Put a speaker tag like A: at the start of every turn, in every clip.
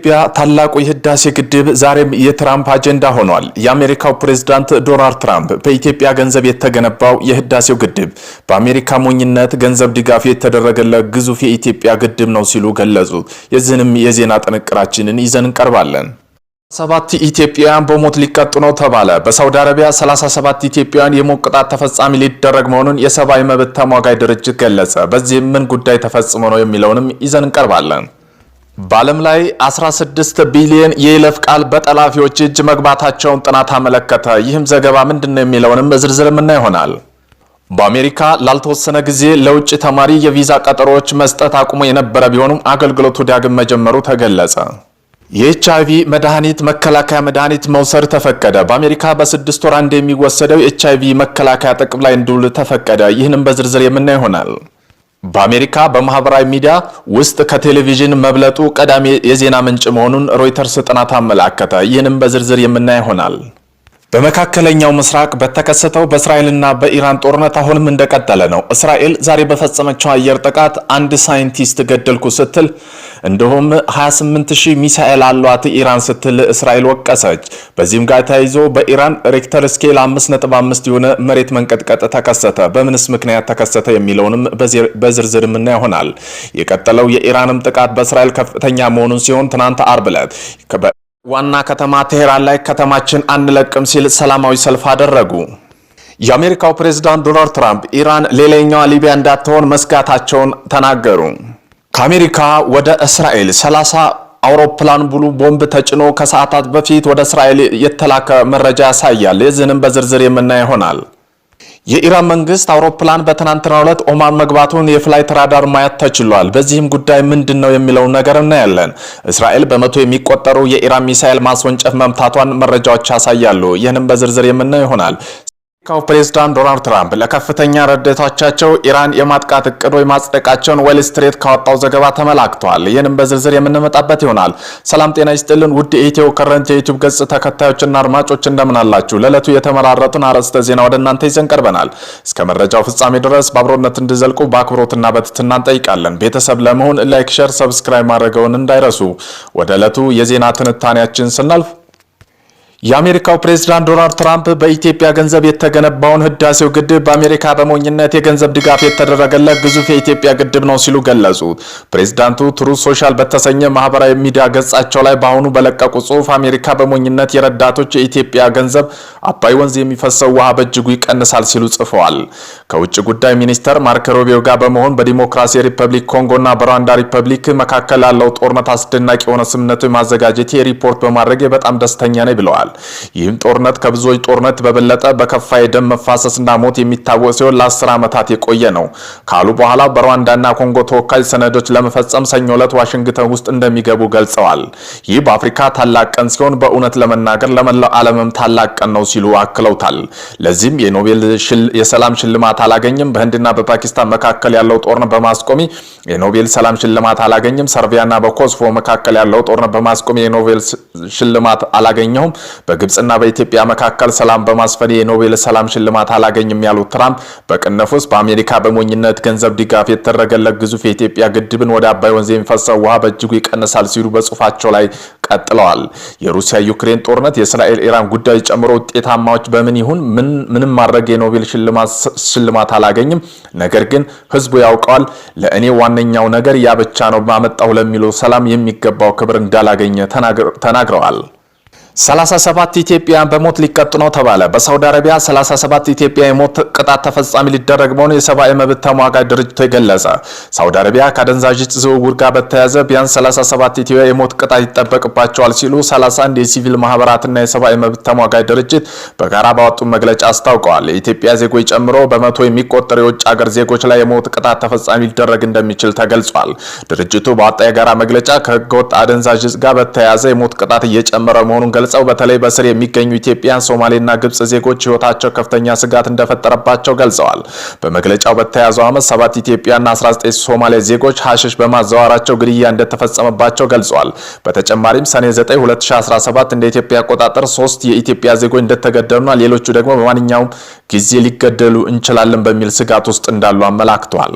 A: የኢትዮጵያ ታላቁ የህዳሴ ግድብ ዛሬም የትራምፕ አጀንዳ ሆኗል። የአሜሪካው ፕሬዝዳንት ዶናልድ ትራምፕ በኢትዮጵያ ገንዘብ የተገነባው የህዳሴው ግድብ በአሜሪካ ሞኝነት ገንዘብ ድጋፍ የተደረገለት ግዙፍ የኢትዮጵያ ግድብ ነው ሲሉ ገለጹ። የዚህንም የዜና ጥንቅራችንን ይዘን እንቀርባለን።
B: ሰባት ኢትዮጵያውያን በሞት ሊቀጡ ነው ተባለ። በሳውዲ አረቢያ 37 ኢትዮጵያውያን የሞት ቅጣት ተፈጻሚ ሊደረግ መሆኑን የሰብአዊ መብት ተሟጋይ ድርጅት ገለጸ። በዚህም ምን ጉዳይ ተፈጽሞ ነው የሚለውንም ይዘን እንቀርባለን። በዓለም ላይ 16 ቢሊዮን የይለፍ ቃል በጠላፊዎች እጅ መግባታቸውን ጥናት አመለከተ። ይህም ዘገባ ምንድን ነው የሚለውንም በዝርዝር ምና ይሆናል። በአሜሪካ ላልተወሰነ ጊዜ ለውጭ ተማሪ የቪዛ ቀጠሮዎች መስጠት አቁሞ የነበረ ቢሆኑም አገልግሎቱ ዳግም መጀመሩ ተገለጸ። የኤች አይቪ መድኃኒት መከላከያ መድኃኒት መውሰድ ተፈቀደ። በአሜሪካ በስድስት ወር አንድ የሚወሰደው የኤች አይቪ መከላከያ ጥቅም ላይ እንዲውል ተፈቀደ። ይህንም በዝርዝር የምና ይሆናል። በአሜሪካ በማህበራዊ ሚዲያ ውስጥ ከቴሌቪዥን መብለጡ ቀዳሚ የዜና ምንጭ መሆኑን ሮይተርስ ጥናት አመላከተ። ይህንም በዝርዝር የምናይ ይሆናል። በመካከለኛው ምስራቅ በተከሰተው በእስራኤልና በኢራን ጦርነት አሁንም እንደቀጠለ ነው። እስራኤል ዛሬ በፈጸመችው አየር ጥቃት አንድ ሳይንቲስት ገደልኩ ስትል እንደውም 28000 ሚሳኤል አሏት ኢራን ስትል እስራኤል ወቀሰች። በዚህም ጋር ተያይዞ በኢራን ሬክተር ስኬል 5.5 የሆነ መሬት መንቀጥቀጥ ተከሰተ። በምንስ ምክንያት ተከሰተ የሚለውንም በዝርዝር ምና ይሆናል። የቀጠለው የኢራንም ጥቃት በእስራኤል ከፍተኛ መሆኑን ሲሆን ትናንት አርብ ዕለት
C: ዋና ከተማ ቴሄራን ላይ ከተማችን አንለቅም ሲል ሰላማዊ ሰልፍ አደረጉ። የአሜሪካው ፕሬዝዳንት ዶናልድ ትራምፕ ኢራን ሌላኛዋ ሊቢያ እንዳትሆን መስጋታቸውን ተናገሩ። ከአሜሪካ ወደ እስራኤል 30 አውሮፕላን ሙሉ ቦምብ ተጭኖ ከሰዓታት በፊት ወደ እስራኤል የተላከ መረጃ ያሳያል። የዚህንም በዝርዝር የምናየው ይሆናል። የኢራን መንግስት አውሮፕላን በትናንትናው ዕለት ኦማን መግባቱን የፍላይት ራዳር ማየት ተችሏል። በዚህም ጉዳይ ምንድን ነው የሚለውን ነገር እናያለን። እስራኤል በመቶ የሚቆጠሩ የኢራን ሚሳኤል ማስወንጨፍ መምታቷን መረጃዎች ያሳያሉ። ይህንም በዝርዝር የምናየው ይሆናል። የአሜሪካው ፕሬዝዳንት ዶናልድ ትራምፕ ለከፍተኛ ረዳታቻቸው ኢራን የማጥቃት እቅድ ማጽደቃቸውን ዌል ስትሪት ካወጣው ዘገባ ተመላክቷል። ይህንም በዝርዝር የምንመጣበት ይሆናል። ሰላም ጤና ይስጥልን ውድ የኢትዮ ከረንት የዩቱብ ገጽ ተከታዮችና አድማጮች እንደምን አላችሁ? ለዕለቱ የተመራረጡን አርዕስተ ዜና ወደ እናንተ ይዘን ቀርበናል። እስከ መረጃው ፍጻሜ ድረስ በአብሮነት እንዲዘልቁ በአክብሮትና በትትና እንጠይቃለን። ቤተሰብ ለመሆን ላይክ፣ ሸር፣ ሰብስክራይብ ማድረገውን እንዳይረሱ። ወደ ዕለቱ የዜና ትንታኔያችን ስናልፍ የአሜሪካው ፕሬዝዳንት ዶናልድ ትራምፕ በኢትዮጵያ ገንዘብ የተገነባውን ህዳሴው ግድብ በአሜሪካ በሞኝነት የገንዘብ ድጋፍ የተደረገለት ግዙፍ የኢትዮጵያ ግድብ ነው ሲሉ ገለጹ። ፕሬዝዳንቱ ትሩ ሶሻል በተሰኘ ማህበራዊ ሚዲያ ገጻቸው ላይ በአሁኑ በለቀቁ ጽሁፍ አሜሪካ በሞኝነት የረዳቶች የኢትዮጵያ ገንዘብ አባይ ወንዝ የሚፈሰው ውሃ በእጅጉ ይቀንሳል ሲሉ ጽፈዋል። ከውጭ ጉዳይ ሚኒስተር ማርክ ሮቢዮ ጋር በመሆን በዲሞክራሲ ሪፐብሊክ ኮንጎና በሩዋንዳ ሪፐብሊክ መካከል ያለው ጦርነት አስደናቂ የሆነ ስምምነት የማዘጋጀት ሪፖርት በማድረግ በጣም ደስተኛ ነኝ ብለዋል። ተናግረዋል። ይህም ጦርነት ከብዙዎች ጦርነት በበለጠ በከፋ የደም መፋሰስና ሞት የሚታወቅ ሲሆን ለአስር ዓመታት የቆየ ነው ካሉ በኋላ በሩዋንዳና ኮንጎ ተወካይ ሰነዶች ለመፈጸም ሰኞ ዕለት ዋሽንግተን ውስጥ እንደሚገቡ ገልጸዋል። ይህ በአፍሪካ ታላቅ ቀን ሲሆን በእውነት ለመናገር ለመላው ዓለምም ታላቅ ቀን ነው ሲሉ አክለውታል። ለዚህም የኖቤል የሰላም ሽልማት አላገኝም። በህንድና በፓኪስታን መካከል ያለው ጦርነት በማስቆሚ የኖቤል ሰላም ሽልማት አላገኝም። ሰርቢያና በኮስፎ መካከል ያለው ጦርነት በማስቆሚ የኖቤል ሽልማት አላገኘሁም። በግብፅና በኢትዮጵያ መካከል ሰላም በማስፈን የኖቤል ሰላም ሽልማት አላገኝም ያሉት ትራምፕ በቅንፍ ውስጥ በአሜሪካ በሞኝነት ገንዘብ ድጋፍ የተደረገለት ግዙፍ የኢትዮጵያ ግድብን ወደ አባይ ወንዝ የሚፈሰው ውሃ በእጅጉ ይቀንሳል ሲሉ በጽሁፋቸው ላይ ቀጥለዋል። የሩሲያ ዩክሬን ጦርነት፣ የእስራኤል ኢራን ጉዳይ ጨምሮ ውጤታማዎች በምን ይሁን ምንም ማድረግ የኖቤል ሽልማት አላገኝም፣ ነገር ግን ህዝቡ ያውቀዋል። ለእኔ ዋነኛው ነገር ያ ብቻ ነው፣ ማመጣው ለሚለው ሰላም የሚገባው ክብር እንዳላገኘ ተናግረዋል። 37 ኢትዮጵያውያን በሞት ሊቀጡ ነው ተባለ። በሳውዲ አረቢያ 37 ኢትዮጵያ የሞት ቅጣት ተፈጻሚ ሊደረግ መሆኑ የሰብአዊ መብት ተሟጋጅ ድርጅቶች ገለጸ። ሳውዲ አረቢያ ከአደንዛዥ ዕፅ ዝውውር ጋር በተያያዘ ቢያንስ 37 ኢትዮጵያ የሞት ቅጣት ይጠበቅባቸዋል ሲሉ 31 የሲቪል ማህበራትና የሰብአዊ መብት ተሟጋጅ ድርጅት በጋራ ባወጡ መግለጫ አስታውቀዋል። የኢትዮጵያ ዜጎች ጨምሮ በመቶ የሚቆጠሩ የውጭ ሀገር ዜጎች ላይ የሞት ቅጣት ተፈጻሚ ሊደረግ እንደሚችል ተገልጿል። ድርጅቱ ባወጣ የጋራ መግለጫ ከህገወጥ አደንዛዥ ዕፅ ጋር በተያያዘ የሞት ቅጣት እየጨመረ መሆኑን ገልጸው በተለይ በስር የሚገኙ ኢትዮጵያን፣ ሶማሌና ግብጽ ዜጎች ህይወታቸው ከፍተኛ ስጋት እንደፈጠረባቸው ገልጸዋል። በመግለጫው በተያዘው ዓመት ሰባት ኢትዮጵያና 19 ሶማሌ ዜጎች ሀሽሽ በማዘዋራቸው ግድያ እንደተፈጸመባቸው ገልጸዋል። በተጨማሪም ሰኔ 9 2017 እንደ ኢትዮጵያ አቆጣጠር ሶስት የኢትዮጵያ ዜጎች እንደተገደሉና ሌሎቹ ደግሞ በማንኛውም ጊዜ ሊገደሉ እንችላለን በሚል ስጋት ውስጥ እንዳሉ አመላክቷል።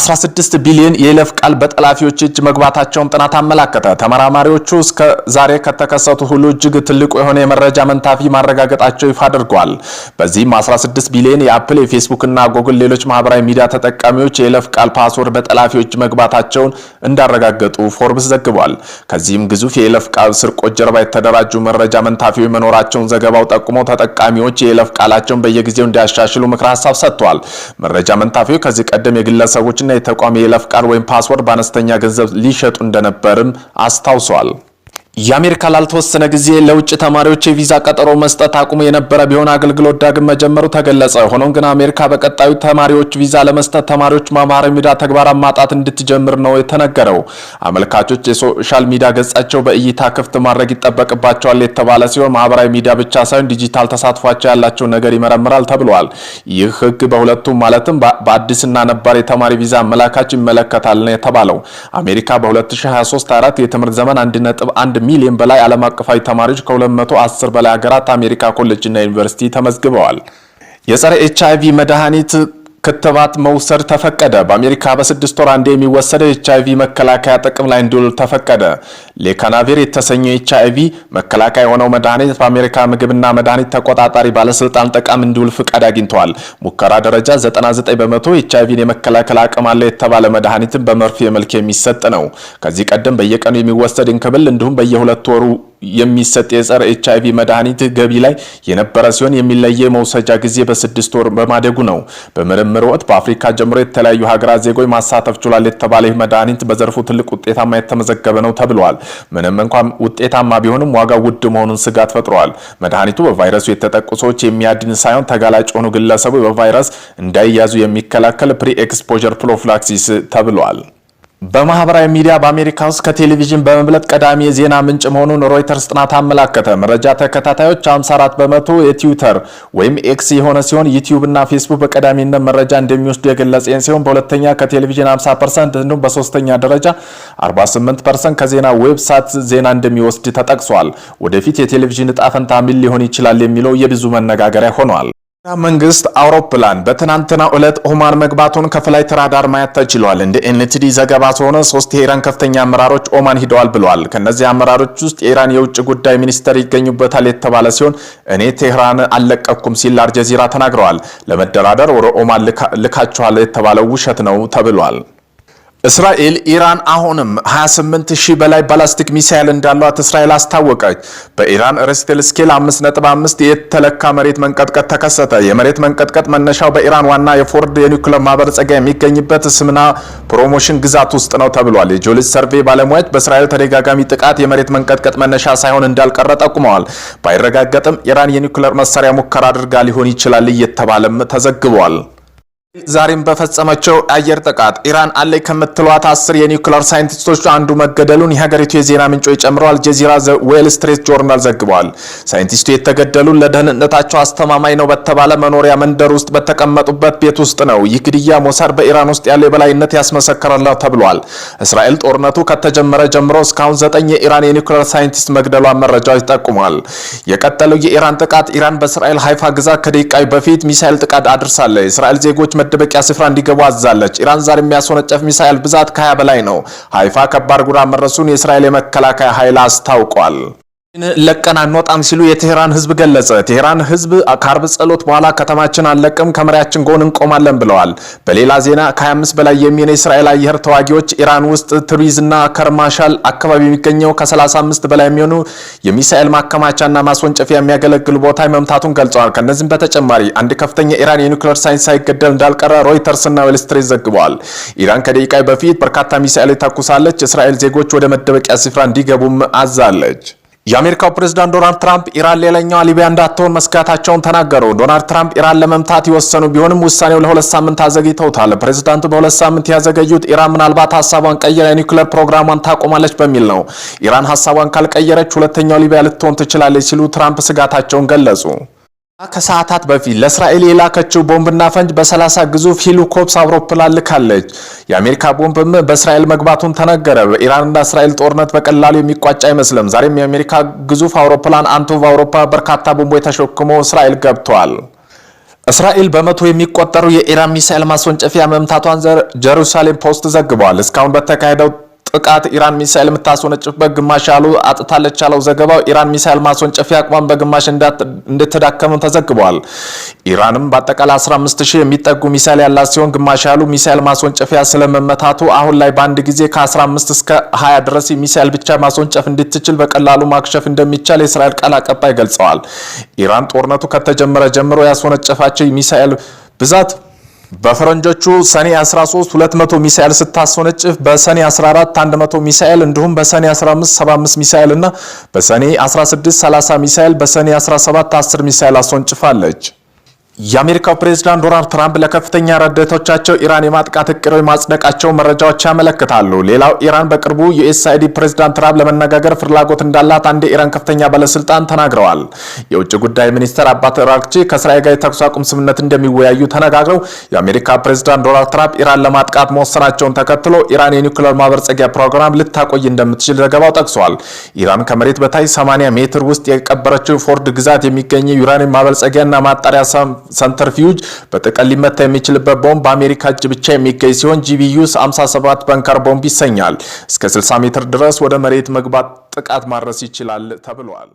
C: 16 ቢሊዮን የይለፍ ቃል በጠላፊዎች እጅ መግባታቸውን ጥናት አመላከተ። ተመራማሪዎቹ እስከ ዛሬ ከተከሰቱ ሁሉ እጅግ ትልቁ የሆነ የመረጃ መንታፊ ማረጋገጣቸው ይፋ አድርጓል። በዚህም 16 ቢሊዮን የአፕል፣ የፌስቡክ እና ጎግል ሌሎች ማህበራዊ ሚዲያ ተጠቃሚዎች የይለፍ ቃል ፓስወርድ በጠላፊዎች እጅ መግባታቸውን እንዳረጋገጡ ፎርብስ ዘግቧል። ከዚህም ግዙፍ የይለፍ ቃል ስርቆት ጀርባ የተደራጁ መረጃ መንታፊዎች መኖራቸውን ዘገባው ጠቁሞ ተጠቃሚዎች የይለፍ ቃላቸውን በየጊዜው እንዲያሻሽሉ ምክረ ሀሳብ ሰጥቷል። መረጃ መንታፊው ከዚህ ቀደም የግለሰቦች ድርጅቶችና የተቋሚ የይለፍ ቃል ወይም ፓስወርድ በአነስተኛ ገንዘብ ሊሸጡ እንደነበርም አስታውሷል። የአሜሪካ ላልተወሰነ ጊዜ ለውጭ ተማሪዎች የቪዛ ቀጠሮ መስጠት አቁሞ የነበረ ቢሆን አገልግሎት ዳግም መጀመሩ ተገለጸ። ሆኖም ግን አሜሪካ በቀጣዩ ተማሪዎች ቪዛ ለመስጠት ተማሪዎች ማህበራዊ ሚዲያ ተግባራት ማጣት እንድትጀምር ነው የተነገረው። አመልካቾች የሶሻል ሚዲያ ገጻቸው በእይታ ክፍት ማድረግ ይጠበቅባቸዋል የተባለ ሲሆን ማህበራዊ ሚዲያ ብቻ ሳይሆን ዲጂታል ተሳትፏቸው ያላቸው ነገር ይመረምራል ተብሏል። ይህ ህግ በሁለቱም ማለትም በአዲስና ነባር የተማሪ ቪዛ አመላካች ይመለከታል ነው የተባለው። አሜሪካ በ2023/24 የትምህርት ዘመን 1.1 ሚሊዮን በላይ ዓለም አቀፋዊ ተማሪዎች ከ210 በላይ ሀገራት አሜሪካ ኮሌጅና ዩኒቨርሲቲ ተመዝግበዋል። የጸረ ኤች አይ ቪ መድኃኒት ክትባት መውሰድ ተፈቀደ። በአሜሪካ በስድስት ወር አንድ የሚወሰደ ኤች አይቪ መከላከያ ጥቅም ላይ እንዲውል ተፈቀደ። ሌካናቪር የተሰኘው ኤች አይቪ መከላከያ የሆነው መድኃኒት በአሜሪካ ምግብና መድኃኒት ተቆጣጣሪ ባለስልጣን ጠቃም እንዲውል ፍቃድ አግኝተዋል። ሙከራ ደረጃ 99 በመቶ ኤች አይቪን የመከላከል አቅም አለ የተባለ መድኃኒትን በመርፌ መልክ የሚሰጥ ነው። ከዚህ ቀደም በየቀኑ የሚወሰድ እንክብል እንዲሁም በየሁለት ወሩ የሚሰጥ የጸረ ኤች አይቪ መድኃኒት ገቢ ላይ የነበረ ሲሆን የሚለየ መውሰጃ ጊዜ በስድስት ወር በማደጉ ነው። በምርምር ወቅት በአፍሪካ ጀምሮ የተለያዩ ሀገራት ዜጎች ማሳተፍ ችሏል የተባለ ይህ መድኃኒት በዘርፉ ትልቅ ውጤታማ የተመዘገበ ነው ተብሏል። ምንም እንኳ ውጤታማ ቢሆንም ዋጋው ውድ መሆኑን ስጋት ፈጥሯል። መድኃኒቱ በቫይረሱ የተጠቁ ሰዎች የሚያድን ሳይሆን ተጋላጭ የሆኑ ግለሰቡ በቫይረስ እንዳይያዙ የሚከላከል ፕሪ ኤክስፖዠር ፕሮፍላክሲስ ተብሏል። በማህበራዊ ሚዲያ በአሜሪካ ውስጥ ከቴሌቪዥን በመብለጥ ቀዳሚ የዜና ምንጭ መሆኑን ሮይተርስ ጥናት አመላከተ። መረጃ ተከታታዮች 54 በመቶ የትዊተር ወይም ኤክስ የሆነ ሲሆን ዩቲዩብ እና ፌስቡክ በቀዳሚነት መረጃ እንደሚወስዱ የገለጸ ሲሆን በሁለተኛ ከቴሌቪዥን 50 ፐርሰንት እንዲሁም በሶስተኛ ደረጃ 48 ፐርሰንት ከዜና ዌብሳይት ዜና እንደሚወስድ ተጠቅሷል። ወደፊት የቴሌቪዥን እጣ ፈንታ ምን ሊሆን ይችላል የሚለው የብዙ መነጋገሪያ ሆኗል። መንግስት አውሮፕላን በትናንትና ዕለት ኦማን መግባቱን ከፍላይ ተራዳር ማየት ተችሏል። እንደ ኤንቲዲ ዘገባ ከሆነ ሶስት የኢራን ከፍተኛ አመራሮች ኦማን ሂደዋል ብለዋል። ከነዚህ አመራሮች ውስጥ የኢራን የውጭ ጉዳይ ሚኒስተር ይገኙበታል የተባለ ሲሆን እኔ ቴህራን አልለቀኩም ሲል አልጀዚራ ተናግረዋል። ለመደራደር ወደ ኦማን ልካቸዋል የተባለው ውሸት ነው ተብሏል። እስራኤል ኢራን አሁንም 28 ሺህ በላይ ባላስቲክ ሚሳይል እንዳሏት እስራኤል አስታወቀች። በኢራን ሬክተር ስኬል 5.5 የተለካ መሬት መንቀጥቀጥ ተከሰተ። የመሬት መንቀጥቀጥ መነሻው በኢራን ዋና የፎርድ የኒውክሌር ማበልጸጊያ የሚገኝበት ስምና ፕሮሞሽን ግዛት ውስጥ ነው ተብሏል። የጆሊስ ሰርቬይ ባለሙያዎች በእስራኤል ተደጋጋሚ ጥቃት የመሬት መንቀጥቀጥ መነሻ ሳይሆን እንዳልቀረ ጠቁመዋል። ባይረጋገጥም ኢራን የኒውክሌር መሳሪያ ሙከራ አድርጋ ሊሆን ይችላል እየተባለም ተዘግቧል። ዛሬም በፈጸመቸው አየር ጥቃት ኢራን አለይ ከምትሏት አስር የኒውክሌር ሳይንቲስቶች አንዱ መገደሉን የሀገሪቱ የዜና ምንጮች ጨምሮ አልጀዚራ ዌል ስትሬት ጆርናል ዘግበዋል። ሳይንቲስቱ የተገደሉን ለደህንነታቸው አስተማማኝ ነው በተባለ መኖሪያ መንደር ውስጥ በተቀመጡበት ቤት ውስጥ ነው። ይህ ግድያ ሞሳድ በኢራን ውስጥ ያለው የበላይነት ያስመሰከረላው ተብሏል። እስራኤል ጦርነቱ ከተጀመረ ጀምሮ እስካሁን ዘጠኝ የኢራን የኒውክሌር ሳይንቲስት መግደሏን መረጃዎች ጠቁሟል። የቀጠለው የኢራን ጥቃት ኢራን በእስራኤል ሀይፋ ግዛት ከደቂቃዎች በፊት ሚሳይል ጥቃት አድርሳለ እስራኤል ዜጎች መደበቂያ ስፍራ እንዲገቡ አዛለች። ኢራን ዛሬ የሚያስወነጨፍ ሚሳኤል ብዛት ከሀያ በላይ ነው። ሀይፋ ከባድ ጉዳት መድረሱን የእስራኤል የመከላከያ ኃይል አስታውቋል። ለቀን አንወጣም ሲሉ የቴህራን ህዝብ ገለጸ። ቴህራን ህዝብ ከአርብ ጸሎት በኋላ ከተማችን አንለቅም፣ ከመሪያችን ጎን እንቆማለን ብለዋል። በሌላ ዜና ከ25 በላይ የሚሆኑ የእስራኤል አየር ተዋጊዎች ኢራን ውስጥ ትሪዝ እና ከርማሻል አካባቢ የሚገኘው ከ35 በላይ የሚሆኑ የሚሳኤል ማከማቻና ማስወንጨፊያ የሚያገለግሉ ቦታ መምታቱን ገልጸዋል። ከነዚህም በተጨማሪ አንድ ከፍተኛ ኢራን የኒውክሌር ሳይንስ ሳይገደል እንዳልቀረ ሮይተርስ እና ዌልስትሬት ዘግበዋል። ኢራን ከደቂቃ በፊት በርካታ ሚሳኤል ታኩሳለች። እስራኤል ዜጎች ወደ መደበቂያ ስፍራ እንዲገቡም አዛለች። የአሜሪካው ፕሬዝዳንት ዶናልድ ትራምፕ ኢራን ሌላኛዋ ሊቢያ እንዳትሆን መስጋታቸውን ተናገሩ። ዶናልድ ትራምፕ ኢራን ለመምታት የወሰኑ ቢሆንም ውሳኔው ለሁለት ሳምንት አዘግይተውታል። ፕሬዝዳንቱ በሁለት ሳምንት ያዘገዩት ኢራን ምናልባት ሀሳቧን ቀይራ የኒውክሌር ፕሮግራሟን ታቆማለች በሚል ነው። ኢራን ሀሳቧን ካልቀየረች ሁለተኛው ሊቢያ ልትሆን ትችላለች ሲሉ ትራምፕ ስጋታቸውን ገለጹ። ከሰዓታት በፊት ለእስራኤል የላከችው ቦምብና ፈንጅ በ30 ግዙፍ ሄሊኮፕተር አውሮፕላን ልካለች። የአሜሪካ ቦምብም በእስራኤል መግባቱን ተነገረ። በኢራንና እስራኤል ጦርነት በቀላሉ የሚቋጭ አይመስልም። ዛሬም የአሜሪካ ግዙፍ አውሮፕላን አንቶቭ አውሮፓ በርካታ ቦምቦች ተሸክሞ እስራኤል ገብቷል። እስራኤል በመቶ የሚቆጠሩ የኢራን ሚሳኤል ማስወንጨፊያ መምታቷን ጀሩሳሌም ፖስት ዘግቧል። እስካሁን በተካሄደው ጥቃት ኢራን ሚሳኤል የምታስወነጭፍበት ግማሽ ያሉ አጥታለች ያለው ዘገባው ኢራን ሚሳኤል ማስወንጨፊያ አቅሟን በግማሽ እንደተዳከመ ተዘግቧል። ኢራንም በአጠቃላይ 15 ሺህ የሚጠጉ ሚሳኤል ያላት ሲሆን ግማሽ ያሉ ሚሳኤል ማስወንጨፊያ ስለመመታቱ አሁን ላይ በአንድ ጊዜ ከ15 እስከ 20 ድረስ ሚሳኤል ብቻ ማስወንጨፍ እንድትችል በቀላሉ ማክሸፍ እንደሚቻል የእስራኤል ቃል አቀባይ ገልጸዋል። ኢራን ጦርነቱ ከተጀመረ ጀምሮ ያስወነጨፋቸው ሚሳኤል ብዛት በፈረንጆቹ ሰኔ 13 200 ሚሳኤል ስታስወነጭፍ በሰኔ 14 100 ሚሳኤል እንዲሁም በሰኔ 15 75 ሚሳኤል እና በሰኔ 16 30 ሚሳኤል በሰኔ 17 10 ሚሳኤል አስወንጭፋለች። የአሜሪካው ፕሬዝዳንት ዶናልድ ትራምፕ ለከፍተኛ ረዳቶቻቸው ኢራን የማጥቃት እቅዶች ማጽደቃቸው መረጃዎች ያመለክታሉ። ሌላው ኢራን በቅርቡ ዩኤስአይዲ ፕሬዝዳንት ትራምፕ ለመነጋገር ፍላጎት እንዳላት አንድ የኢራን ከፍተኛ ባለስልጣን ተናግረዋል። የውጭ ጉዳይ ሚኒስትር አባት ራክቺ ከእስራኤል ጋር የተኩስ አቁም ስምምነት እንደሚወያዩ ተነጋግረው የአሜሪካ ፕሬዝዳንት ዶናልድ ትራምፕ ኢራን ለማጥቃት መወሰናቸውን ተከትሎ ኢራን የኒውክሌር ማበልጸጊያ ፕሮግራም ልታቆይ እንደምትችል ዘገባው ጠቅሷል። ኢራን ከመሬት በታች 80 ሜትር ውስጥ የቀበረችው ፎርድ ግዛት የሚገኘ ዩራኒየም ማበልጸጊያና ማጣሪያ ሰንተርፊውጅ በጥቅል ሊመታ የሚችልበት ቦምብ በአሜሪካ እጅ ብቻ የሚገኝ ሲሆን ጂቢዩስ 57 በንከር ቦምብ ይሰኛል። እስከ 60 ሜትር ድረስ ወደ መሬት መግባት ጥቃት ማድረስ ይችላል ተብሏል።